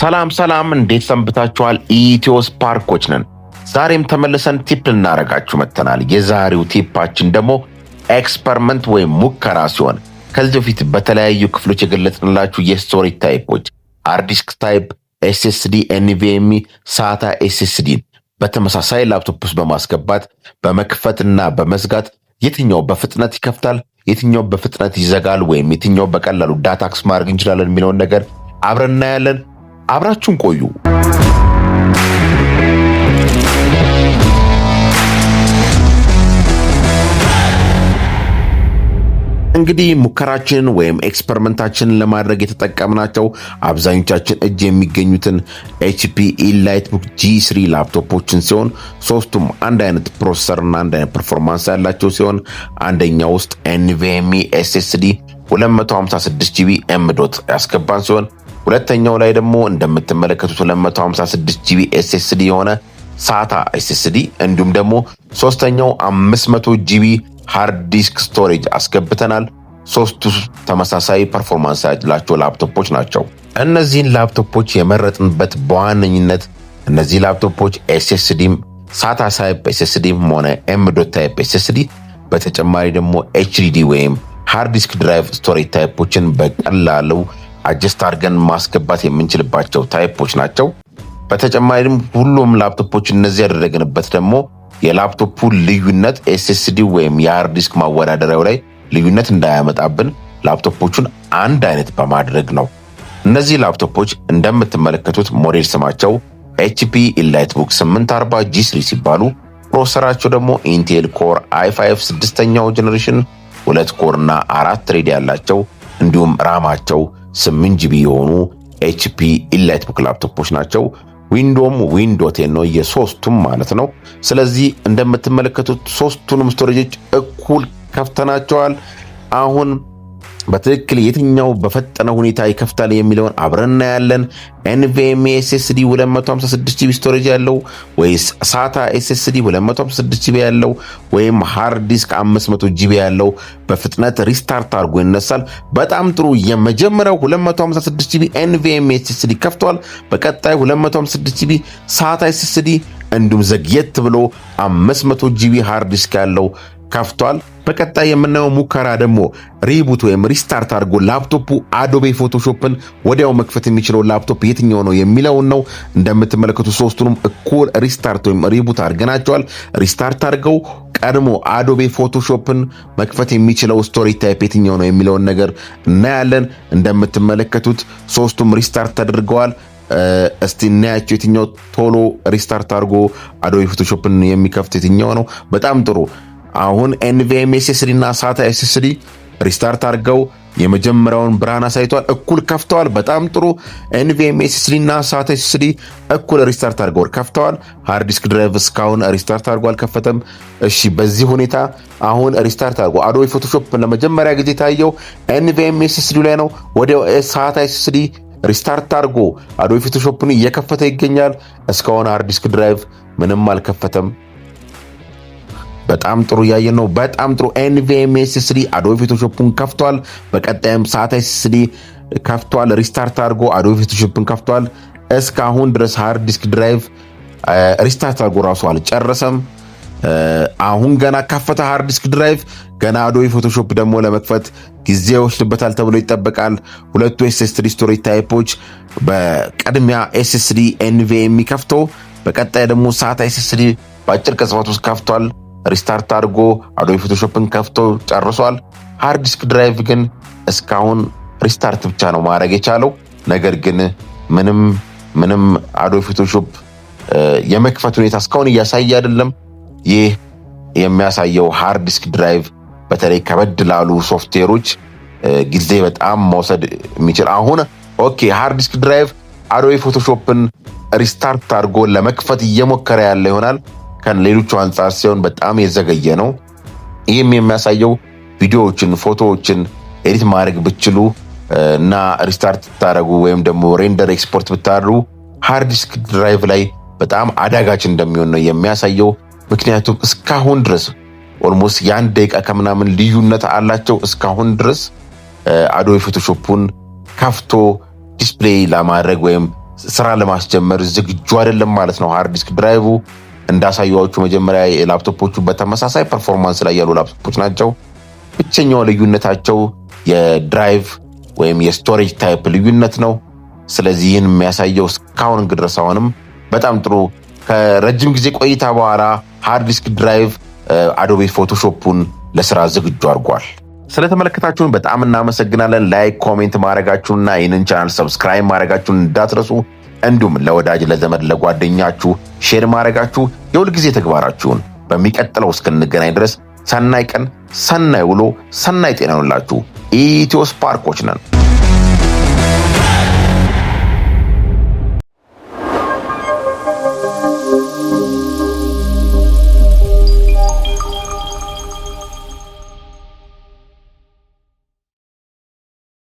ሰላም ሰላም፣ እንዴት ሰንብታችኋል? ኢትዮ ስፓርኮች ነን። ዛሬም ተመልሰን ቲፕ ልናደርጋችሁ መጥተናል። የዛሬው ቲፓችን ደግሞ ኤክስፐሪመንት ወይም ሙከራ ሲሆን ከዚህ በፊት በተለያዩ ክፍሎች የገለጽንላችሁ የስቶሬጅ ታይፖች ሃርድዲስክ ታይፕ፣ ኤስኤስዲ፣ ኤንቪኤምኢ፣ ሳታ ኤስኤስዲን በተመሳሳይ ላፕቶፕ ውስጥ በማስገባት በመክፈትና በመዝጋት የትኛው በፍጥነት ይከፍታል፣ የትኛው በፍጥነት ይዘጋል፣ ወይም የትኛው በቀላሉ ዳታ አክሰስ ማድረግ እንችላለን የሚለውን ነገር አብረን እናያለን። አብራችሁን ቆዩ። እንግዲህ ሙከራችንን ወይም ኤክስፐሪመንታችንን ለማድረግ የተጠቀምናቸው አብዛኞቻችን እጅ የሚገኙትን ኤችፒ ኢላይትቡክ ጂ3 ላፕቶፖችን ሲሆን ሶስቱም አንድ አይነት ፕሮሰሰርና አንድ አይነት ፐርፎርማንስ ያላቸው ሲሆን አንደኛው ውስጥ ኤንቪኤምኢ ኤስኤስዲ 256 ጂቢ ኤም ዶት ያስገባን ሲሆን ሁለተኛው ላይ ደግሞ እንደምትመለከቱት 256 ጂቢ ኤስኤስዲ የሆነ ሳታ ኤስኤስዲ እንዲሁም ደግሞ ሶስተኛው 500 ጂቢ ሃርድ ዲስክ ስቶሬጅ አስገብተናል። ሶስቱ ተመሳሳይ ፐርፎርማንስ ያላቸው ላፕቶፖች ናቸው። እነዚህን ላፕቶፖች የመረጥንበት በዋነኝነት እነዚህ ላፕቶፖች ኤስኤስዲም ሳታ ሳይፕ ኤስኤስዲም ሆነ ኤምዶ ታይፕ ኤስኤስዲ በተጨማሪ ደግሞ ኤችዲዲ ወይም ሃርድ ዲስክ ድራይቭ ስቶሬጅ ታይፖችን በቀላሉ አጀስት አድርገን ማስገባት የምንችልባቸው ታይፖች ናቸው። በተጨማሪም ሁሉም ላፕቶፖች እነዚህ ያደረግንበት ደግሞ የላፕቶፑ ልዩነት ኤስኤስዲ ወይም የሃርድ ዲስክ ማወዳደሪያው ላይ ልዩነት እንዳያመጣብን ላፕቶፖቹን አንድ አይነት በማድረግ ነው። እነዚህ ላፕቶፖች እንደምትመለከቱት ሞዴል ስማቸው ኤችፒ ኢላይትቡክ 840 ጂ3 ሲባሉ ፕሮሰራቸው ደግሞ ኢንቴል ኮር i5 ስድስተኛው ጀኔሬሽን ሁለት ኮር እና አራት ትሬድ ያላቸው እንዲሁም ራማቸው 8 ጂቢ የሆኑ ኤችፒ ኢላይትቡክ ላፕቶፖች ናቸው። ዊንዶም ዊንዶ ቴን ነው የሶስቱም ማለት ነው። ስለዚህ እንደምትመለከቱት ሶስቱንም ስቶሬጆች እኩል ከፍተናቸዋል። አሁን በትክክል የትኛው በፈጠነ ሁኔታ ይከፍታል የሚለውን አብረን እናያለን። ኤንቪኤም ኤስኤስዲ 256 ጂቢ ስቶሬጅ ያለው ወይስ ሳታ ኤስኤስዲ 256 ጂቢ ያለው ወይም ሃርድ ዲስክ 500 ጂቢ ያለው በፍጥነት ሪስታርት አድርጎ ይነሳል። በጣም ጥሩ። የመጀመሪያው 256 ጂቢ ኤንቪኤም ኤስኤስዲ ከፍቷል። በቀጣይ 256 ጂቢ ሳታ ኤስኤስዲ እንዲሁም ዘግየት ብሎ 500 ጂቢ ሃርድ ዲስክ ያለው ከፍቷል። በቀጣይ የምናየው ሙከራ ደግሞ ሪቡት ወይም ሪስታርት አድርጎ ላፕቶፑ አዶቤ ፎቶሾፕን ወዲያው መክፈት የሚችለው ላፕቶፕ የትኛው ነው የሚለውን ነው። እንደምትመለከቱ ሶስቱንም እኩል ሪስታርት ወይም ሪቡት አድርገናቸዋል። ሪስታርት አድርገው ቀድሞ አዶቤ ፎቶሾፕን መክፈት የሚችለው ስቶሪ ታይፕ የትኛው ነው የሚለውን ነገር እናያለን። እንደምትመለከቱት ሶስቱም ሪስታርት ተደርገዋል። እስቲ እናያቸው። የትኛው ቶሎ ሪስታርት አድርጎ አዶቤ ፎቶሾፕን የሚከፍት የትኛው ነው? በጣም ጥሩ አሁን ኤንቪኤም ኤስኤስዲ እና ሳታ ኤስኤስዲ ሪስታርት አድርገው የመጀመሪያውን ብርሃን አሳይቷል። እኩል ከፍተዋል። በጣም ጥሩ። ኤንቪኤም ኤስኤስዲ እና ሳታ ኤስኤስዲ እኩል ሪስታርት አድርገዋል፣ ከፍተዋል። ሃርዲስክ ድራይቭ እስካሁን ሪስታርት አድርጎ አልከፈተም። እሺ፣ በዚህ ሁኔታ አሁን ሪስታርት አድርጎ አዶቢ ፎቶሾፕ ለመጀመሪያ ጊዜ ታየው ኤንቪኤም ኤስኤስዲ ላይ ነው። ወደ ሳታ ኤስኤስዲ ሪስታርት አድርጎ አዶቢ ፎቶሾፕን እየከፈተ ይገኛል። እስካሁን ሃርዲስክ ድራይቭ ምንም አልከፈተም። በጣም ጥሩ እያየን ነው። በጣም ጥሩ ኤንቪኤም ኤስኤስዲ አዶቤ ፎቶሾፑን ከፍቷል። በቀጣይም ሰዓት ኤስኤስዲ ከፍቷል። ሪስታርት አድርጎ አዶቤ ፎቶሾፕን ከፍቷል። እስካሁን ድረስ ሃርድ ዲስክ ድራይቭ ሪስታርት አድርጎ ራሱ አልጨረሰም። አሁን ገና ከፈተ ሃርድ ዲስክ ድራይቭ። ገና አዶቤ ፎቶሾፕ ደግሞ ለመክፈት ጊዜ ይወስድበታል ተብሎ ይጠበቃል። ሁለቱ ኤስኤስዲ ስቶሬጅ ታይፖች በቅድሚያ ኤስኤስዲ ኤንቪኤም e ከፍቶ በቀጣይ ደግሞ ሰዓት ኤስኤስዲ በአጭር ቅጽበት ውስጥ ከፍቷል። ሪስታርት አድርጎ አዶቢ ፎቶሾፕን ከፍቶ ጨርሷል። ሃርድ ዲስክ ድራይቭ ግን እስካሁን ሪስታርት ብቻ ነው ማድረግ የቻለው። ነገር ግን ምንም ምንም አዶቢ ፎቶሾፕ የመክፈት ሁኔታ እስካሁን እያሳየ አይደለም። ይህ የሚያሳየው ሃርድ ዲስክ ድራይቭ በተለይ ከበድ ላሉ ሶፍትዌሮች ጊዜ በጣም መውሰድ የሚችል አሁን ኦኬ ሃርድ ዲስክ ድራይቭ አዶቢ ፎቶሾፕን ሪስታርት አድርጎ ለመክፈት እየሞከረ ያለ ይሆናል። ከሌሎቹ አንጻር ሲሆን በጣም የዘገየ ነው። ይህም የሚያሳየው ቪዲዮዎችን፣ ፎቶዎችን ኤዲት ማድረግ ብትችሉ እና ሪስታርት ብታደረጉ ወይም ደግሞ ሬንደር ኤክስፖርት ብታደሩ ሃርዲስክ ዲስክ ድራይቭ ላይ በጣም አዳጋች እንደሚሆን ነው የሚያሳየው። ምክንያቱም እስካሁን ድረስ ኦልሞስት የአንድ ደቂቃ ከምናምን ልዩነት አላቸው። እስካሁን ድረስ አዶቤ ፎቶሾፑን ከፍቶ ዲስፕሌይ ለማድረግ ወይም ስራ ለማስጀመር ዝግጁ አይደለም ማለት ነው ሃርዲስክ ዲስክ ድራይቭ እንዳሳየዋቹ መጀመሪያ ላፕቶፖቹ በተመሳሳይ ፐርፎርማንስ ላይ ያሉ ላፕቶፖች ናቸው። ብቸኛው ልዩነታቸው የድራይቭ ወይም የስቶሬጅ ታይፕ ልዩነት ነው። ስለዚህ ይህን የሚያሳየው እስካሁን ድረስ አሁንም በጣም ጥሩ ከረጅም ጊዜ ቆይታ በኋላ ሃርድ ዲስክ ድራይቭ አዶቤ ፎቶሾፑን ለስራ ዝግጁ አድርጓል። ስለተመለከታችሁን በጣም እናመሰግናለን። ላይክ ኮሜንት ማድረጋችሁንና ይህንን ቻናል ሰብስክራይብ ማድረጋችሁን እንዳትረሱ። እንዲሁም ለወዳጅ ለዘመድ፣ ለጓደኛችሁ ሼር ማድረጋችሁ የሁልጊዜ ተግባራችሁን በሚቀጥለው እስክንገናኝ ድረስ ሰናይ ቀን፣ ሰናይ ውሎ፣ ሰናይ ጤና ይሁንላችሁ። ኢትዮ ስፓርኮች ነን።